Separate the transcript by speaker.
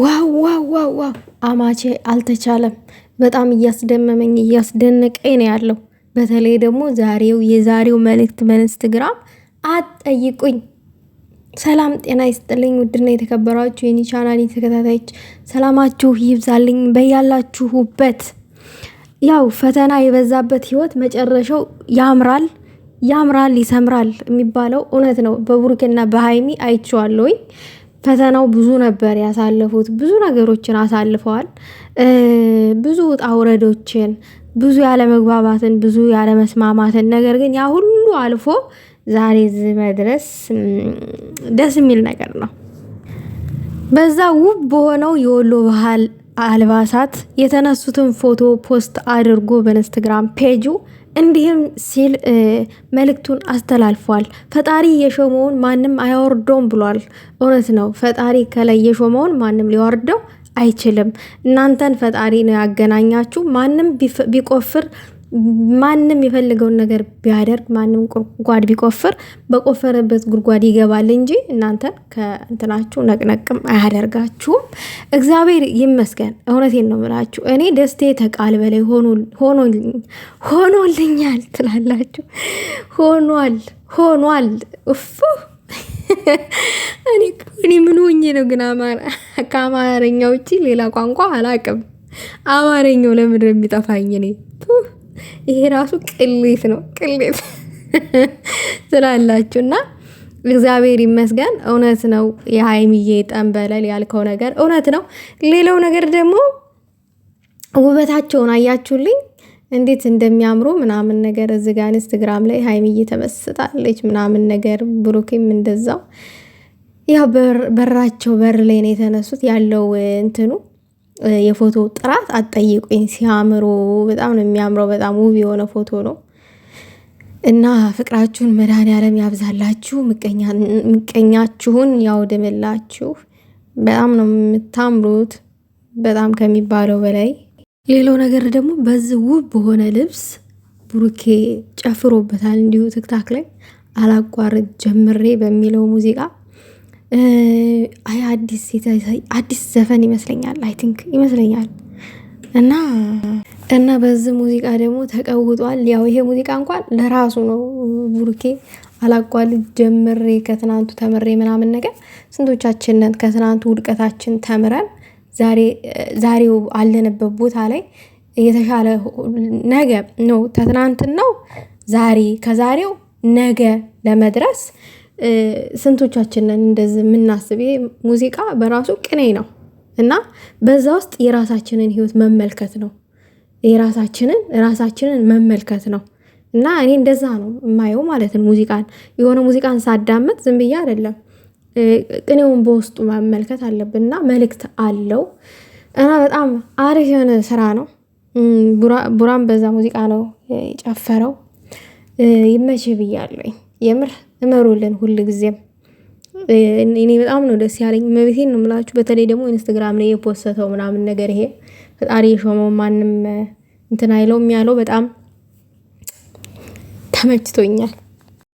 Speaker 1: ዋው ዋው ዋው ዋው አማቼ አልተቻለም። በጣም እያስደመመኝ እያስደነቀኝ ነው ያለው። በተለይ ደግሞ ዛሬው የዛሬው መልእክት በኢንስታግራም አትጠይቁኝ። ሰላም ጤና ይስጥልኝ። ውድና የተከበራችሁ የኒ ቻናል ተከታታዮች ሰላማችሁ ይብዛልኝ በያላችሁበት። ያው ፈተና የበዛበት ህይወት መጨረሻው ያምራል ያምራል ይሰምራል የሚባለው እውነት ነው። በቡርኬና በሀይሚ አይቼዋለሁኝ። ፈተናው ብዙ ነበር ያሳለፉት። ብዙ ነገሮችን አሳልፈዋል። ብዙ ውጣ ውረዶችን፣ ብዙ ያለመግባባትን፣ ብዙ ያለመስማማትን ነገር ግን ያ ሁሉ አልፎ ዛሬ እዚህ መድረስ ደስ የሚል ነገር ነው። በዛ ውብ በሆነው የወሎ ባህል አልባሳት የተነሱትን ፎቶ ፖስት አድርጎ በኢንስትግራም ፔጁ እንዲህም ሲል መልእክቱን አስተላልፏል። ፈጣሪ የሾመውን ማንም አያወርደውም ብሏል። እውነት ነው። ፈጣሪ ከላይ የሾመውን ማንም ሊወርደው አይችልም። እናንተን ፈጣሪ ነው ያገናኛችሁ። ማንም ቢቆፍር ማንም የፈለገውን ነገር ቢያደርግ ማንም ጉድጓድ ቢቆፍር በቆፈረበት ጉድጓድ ይገባል እንጂ እናንተ ከእንትናችሁ ነቅነቅም አያደርጋችሁም። እግዚአብሔር ይመስገን። እውነቴን ነው ምላችሁ እኔ ደስቴ ተቃል በላይ ሆኖልኛል ትላላችሁ። ሆኗል ሆኗል። እፉ እኔ ምን ሆኜ ነው ግን ከአማርኛ ውጭ ሌላ ቋንቋ አላቅም። አማርኛው ለምድር የሚጠፋኝ እኔ ይሄ ራሱ ቅሌት ነው። ቅሌት ስላላችሁ እና እግዚአብሔር ይመስገን። እውነት ነው የሀይሚዬ ጠንበለል ያልከው ነገር እውነት ነው። ሌላው ነገር ደግሞ ውበታቸውን አያችሁልኝ እንዴት እንደሚያምሩ ምናምን ነገር እዚህ ጋ ኢንስትግራም ላይ ሀይሚዬ ተመስጣለች ምናምን ነገር፣ ብሩኬም እንደዛው ያው በራቸው በር ላይ ነው የተነሱት ያለው እንትኑ የፎቶ ጥራት አጠይቁኝ ሲያምሩ በጣም ነው የሚያምረው። በጣም ውብ የሆነ ፎቶ ነው እና ፍቅራችሁን መድኃኔዓለም ያብዛላችሁ፣ ምቀኛችሁን ያውድምላችሁ። በጣም ነው የምታምሩት፣ በጣም ከሚባለው በላይ። ሌላው ነገር ደግሞ በዚህ ውብ በሆነ ልብስ ብሩኬ ጨፍሮበታል። እንዲሁ ትክታክ ላይ አላቋርጥ ጀምሬ በሚለው ሙዚቃ አይ አዲስ አዲስ ዘፈን ይመስለኛል አይ ቲንክ ይመስለኛል እና እና በዚህ ሙዚቃ ደግሞ ተቀውጧል። ያው ይሄ ሙዚቃ እንኳን ለራሱ ነው ቡርኬ አላቋል ጀምሬ ከትናንቱ ተምሬ ምናምን ነገር ስንቶቻችንን ከትናንቱ ውድቀታችን ተምረን ዛሬው አለንበት ቦታ ላይ የተሻለ ነገ ነው። ነው ዛሬ ከዛሬው ነገ ለመድረስ ስንቶቻችንን እንደዚህ የምናስብ? ሙዚቃ በራሱ ቅኔ ነው እና በዛ ውስጥ የራሳችንን ህይወት መመልከት ነው። የራሳችንን ራሳችንን መመልከት ነው እና እኔ እንደዛ ነው የማየው ማለት ነው። ሙዚቃን የሆነ ሙዚቃን ሳዳመጥ ዝም ብዬ አይደለም፣ ቅኔውን በውስጡ መመልከት አለብን እና መልእክት አለው እና በጣም አሪፍ የሆነ ስራ ነው። ቡራም በዛ ሙዚቃ ነው የጨፈረው። ይመችህ ብያለኝ የምር እመሩልን ሁልጊዜም። እኔ በጣም ነው ደስ ያለኝ። መቤቴን ነው ምላችሁ። በተለይ ደግሞ ኢንስታግራም ላይ የፖሰተው ምናምን ነገር ይሄ ፈጣሪ የሾመው ማንም እንትን አይለውም ያለው በጣም ተመችቶኛል።